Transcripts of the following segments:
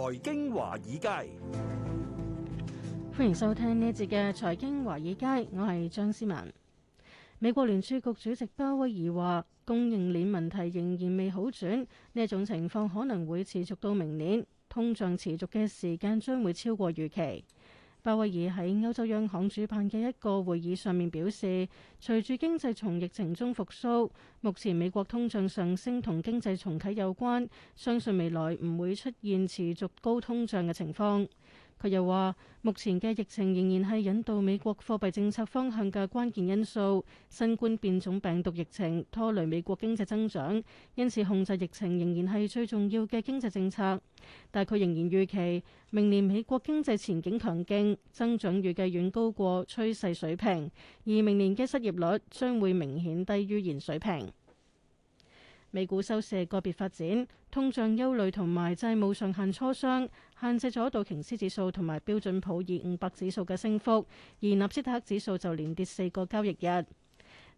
財經華爾街，歡迎收聽呢節嘅財經華爾街，我係張思文。美國聯儲局主席鮑威爾話，供應鏈問題仍然未好轉，呢一種情況可能會持續到明年，通脹持續嘅時間將會超過預期。鮑威爾喺歐洲央行主辦嘅一個會議上面表示，隨住經濟從疫情中復甦，目前美國通脹上升同經濟重啟有關，相信未來唔會出現持續高通脹嘅情況。佢又話：目前嘅疫情仍然係引導美國貨幣政策方向嘅關鍵因素。新冠變種病毒疫情拖累美國經濟增長，因此控制疫情仍然係最重要嘅經濟政策。但佢仍然預期明年美國經濟前景強勁，增長預計遠高過趨勢水平，而明年嘅失業率將會明顯低於現水平。美股收市個別發展，通脹憂慮同埋債務上限磋商，限制咗道瓊斯指數同埋標準普爾五百指數嘅升幅，而納斯達克指數就連跌四個交易日。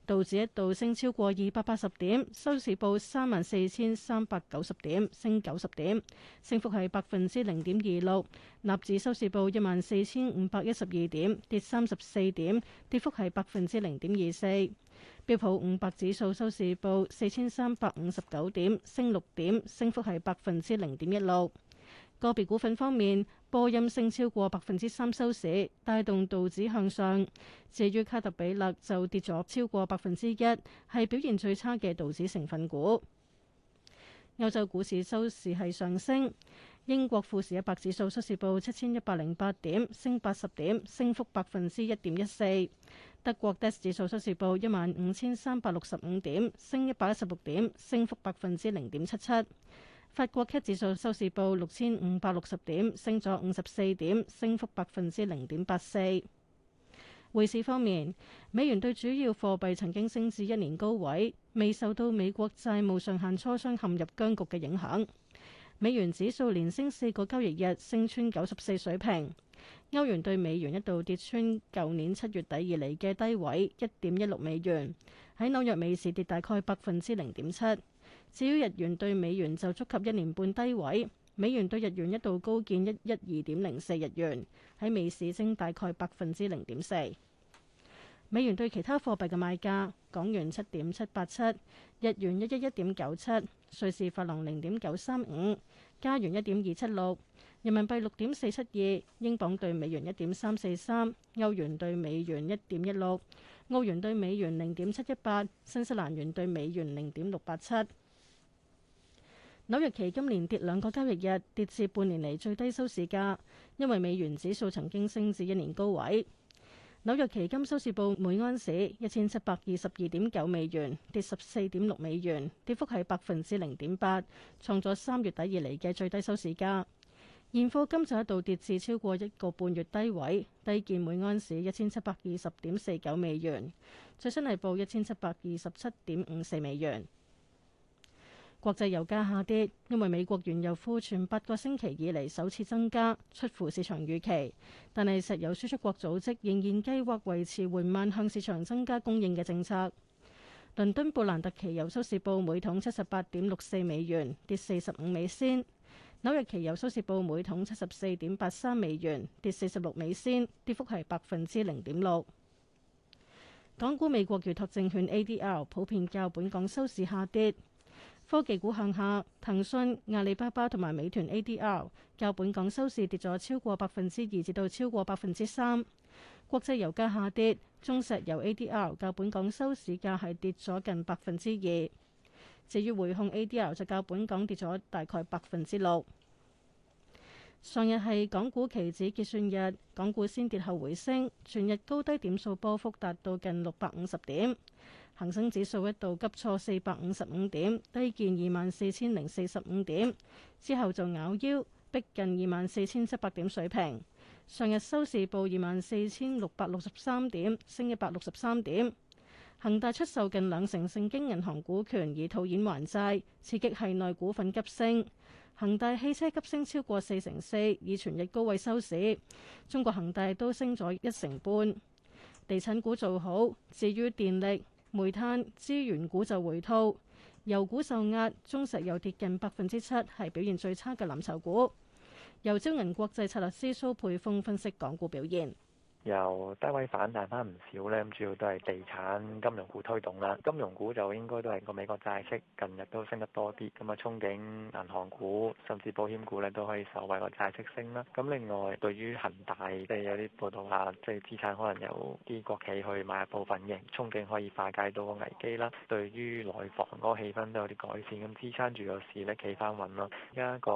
道指一度升超過二百八十點，收市報三萬四千三百九十點，升九十點，升幅係百分之零點二六。納指收市報一萬四千五百一十二點，跌三十四點，跌幅係百分之零點二四。標普五百指數收市報四千三百五十九點，升六點，升幅係百分之零點一六。個別股份方面，波音升超過百分之三收市，帶動道指向上。至於卡特彼勒就跌咗超過百分之一，係表現最差嘅道指成分股。歐洲股市收市係上升，英國富時一百指數收市報七千一百零八點，升八十點，升幅百分之一點一四。德國 DAX 指數收市報一萬五千三百六十五點，升一百一十六點，升幅百分之零點七七。法國 CAC 指數收市報六千五百六十點，升咗五十四點，升幅百分之零點八四。匯市方面，美元對主要貨幣曾經升至一年高位，未受到美國債務上限磋商陷入僵局嘅影響。美元指數連升四個交易日，升穿九十四水平。歐元對美元一度跌穿舊年七月底以嚟嘅低位，一點一六美元，喺紐約美市跌大概百分之零點七。至於日元對美元就觸及一年半低位，美元對日元一度高見一一二點零四日元，喺美市升大概百分之零點四。美元對其他貨幣嘅賣價：港元七點七八七，日元一一一點九七，瑞士法郎零點九三五，加元一點二七六，人民幣六點四七二，英鎊對美元一點三四三，歐元對美元一點一六，澳元對美元零點七一八，新西蘭元對美元零點六八七。紐約期金連跌兩個交易日，跌至半年嚟最低收市價，因為美元指數曾經升至一年高位。紐約期金收市報每安士一千七百二十二點九美元，跌十四點六美元，跌幅係百分之零點八，創咗三月底以嚟嘅最低收市價。現貨金就一度跌至超過一個半月低位，低見每安士一千七百二十點四九美元，最新係報一千七百二十七點五四美元。國際油價下跌，因為美國原油庫存八個星期以嚟首次增加，出乎市場預期。但係，石油輸出國組織仍然計劃維持緩慢向市場增加供應嘅政策。倫敦布蘭特期油收市報每桶七十八點六四美元，跌四十五美仙；紐約期油收市報每桶七十四點八三美元，跌四十六美仙，跌幅係百分之零點六。港股美國預託證券 ADR 普遍較本港收市下跌。科技股向下，騰訊阿里巴巴同埋美團 ADR 較本港收市跌咗超過百分之二，至到超過百分之三。國際油價下跌，中石油 ADR 較本港收市價係跌咗近百分之二，至於匯控 ADR 就較本港跌咗大概百分之六。上日係港股期指結算日，港股先跌後回升，全日高低點數波幅達到近六百五十點。恒生指數一度急挫四百五十五點，低見二萬四千零四十五點之後就拗腰逼近二萬四千七百點水平。上日收市報二萬四千六百六十三點，升一百六十三點。恆大出售近兩成盛京銀行股權以套現還債，刺激系內股份急升。恆大汽車急升超過四成四，以全日高位收市。中國恆大都升咗一成半。地產股做好，至於電力。煤炭資源股就回吐，油股受壓，中石油跌近百分之七，係表現最差嘅藍籌股。由招銀國際策略師蘇佩峰分析港股表現。由低位反彈翻唔少咧，咁主要都係地產、金融股推動啦。金融股就應該都係個美國債息近日都升得多啲，咁啊憧憬銀行股甚至保險股咧都可以受惠個債息升啦。咁另外對於恒大，即係有啲報道話，即係資產可能有啲國企去買入部分嘅憧憬，可以化解到個危機啦。對於內房嗰個氣氛都有啲改善，咁支撐住個市咧企翻穩囉。而家個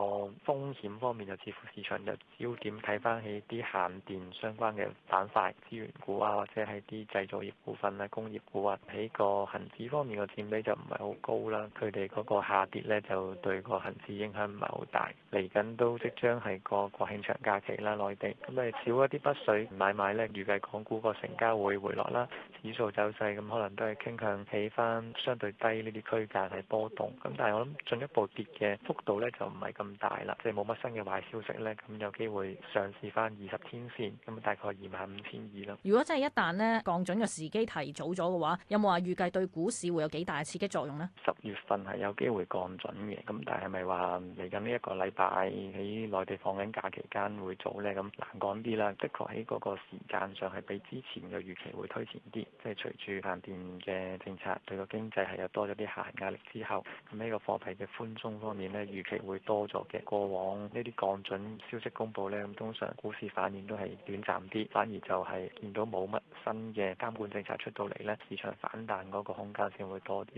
風險方面就似乎市場就焦點睇翻起啲限電相關嘅。板塊、資源股啊，或者係啲製造業股份咧、工業股啊，喺個恒指方面個佔比就唔係好高啦。佢哋嗰個下跌咧，就對個恒指影響唔係好大。嚟緊都即將係個國慶長假期啦，內地咁咪少一啲北水買賣咧，預計港股個成交會回落啦，指數走勢咁可能都係傾向起翻相對低呢啲區間係波動。咁但係我諗進一步跌嘅幅度咧就唔係咁大啦，即係冇乜新嘅壞消息咧，咁有機會上試翻二十天線咁，大概二萬。五千二啦。如果真係一旦呢降準嘅時機提早咗嘅話，有冇話預計對股市會有幾大刺激作用呢？十月份係有機會降準嘅，咁但係咪話嚟緊呢一個禮拜喺內地放緊假期間會早呢？咁難講啲啦。的確喺嗰個時間上係比之前嘅預期會推前啲，即係隨住限電嘅政策對個經濟係有多咗啲下行壓力之後，咁呢個貨幣嘅寬鬆方面呢預期會多咗嘅。過往呢啲降準消息公佈呢，咁通常股市反應都係短暫啲，反而～就係見到冇乜新嘅監管政策出到嚟咧，市場反彈嗰個空間先會多啲。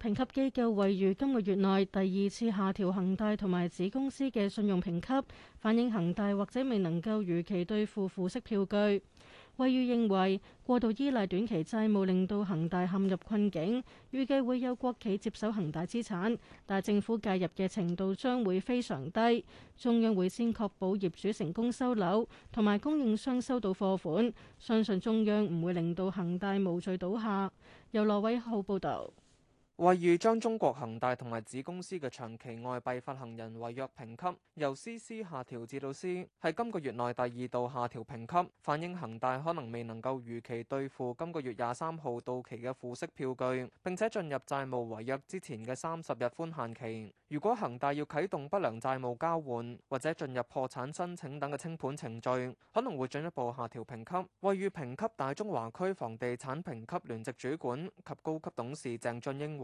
評級機構位於今個月內第二次下調恒大同埋子公司嘅信用評級，反映恒大或者未能夠如期兌付付息票據。惠譽認為過度依賴短期債務令到恒大陷入困境，預計會有國企接手恒大資產，但政府介入嘅程度將會非常低。中央會先確保業主成功收樓同埋供應商收到貨款，相信中央唔會令到恒大無罪倒下。由羅偉浩報導。惠譽將中國恒大同埋子公司嘅長期外幣發行人違約評級由 CC 下調至到 C，係今個月內第二度下調評級，反映恒大可能未能夠如期兌付今個月廿三號到期嘅付息票據，並且進入債務違約之前嘅三十日寬限期。如果恒大要啟動不良債務交換或者進入破產申請等嘅清盤程序，可能會進一步下調評級。惠譽評級大中華區房地產評級聯席主管及高級董事鄭俊英。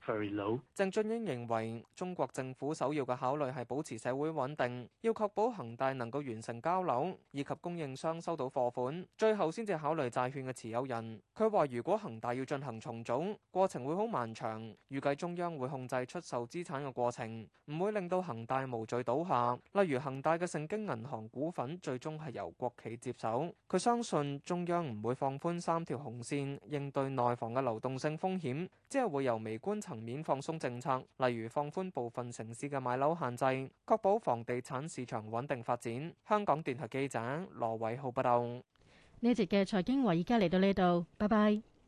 非常低。鄭俊英認為中國政府首要嘅考慮係保持社會穩定，要確保恒大能夠完成交樓以及供應商收到貨款，最後先至考慮債券嘅持有人。佢話：如果恒大要進行重組，過程會好漫長，預計中央會控制出售資產嘅過程，唔會令到恒大無罪倒下。例如，恒大嘅盛京銀行股份最終係由國企接手。佢相信中央唔會放寬三條紅線，應對內房嘅流動性風險，即係會由微觀。層面放鬆政策，例如放寬部分城市嘅買樓限制，確保房地產市場穩定發展。香港電台記者羅偉浩報道。呢節嘅財經華，而家嚟到呢度，拜拜。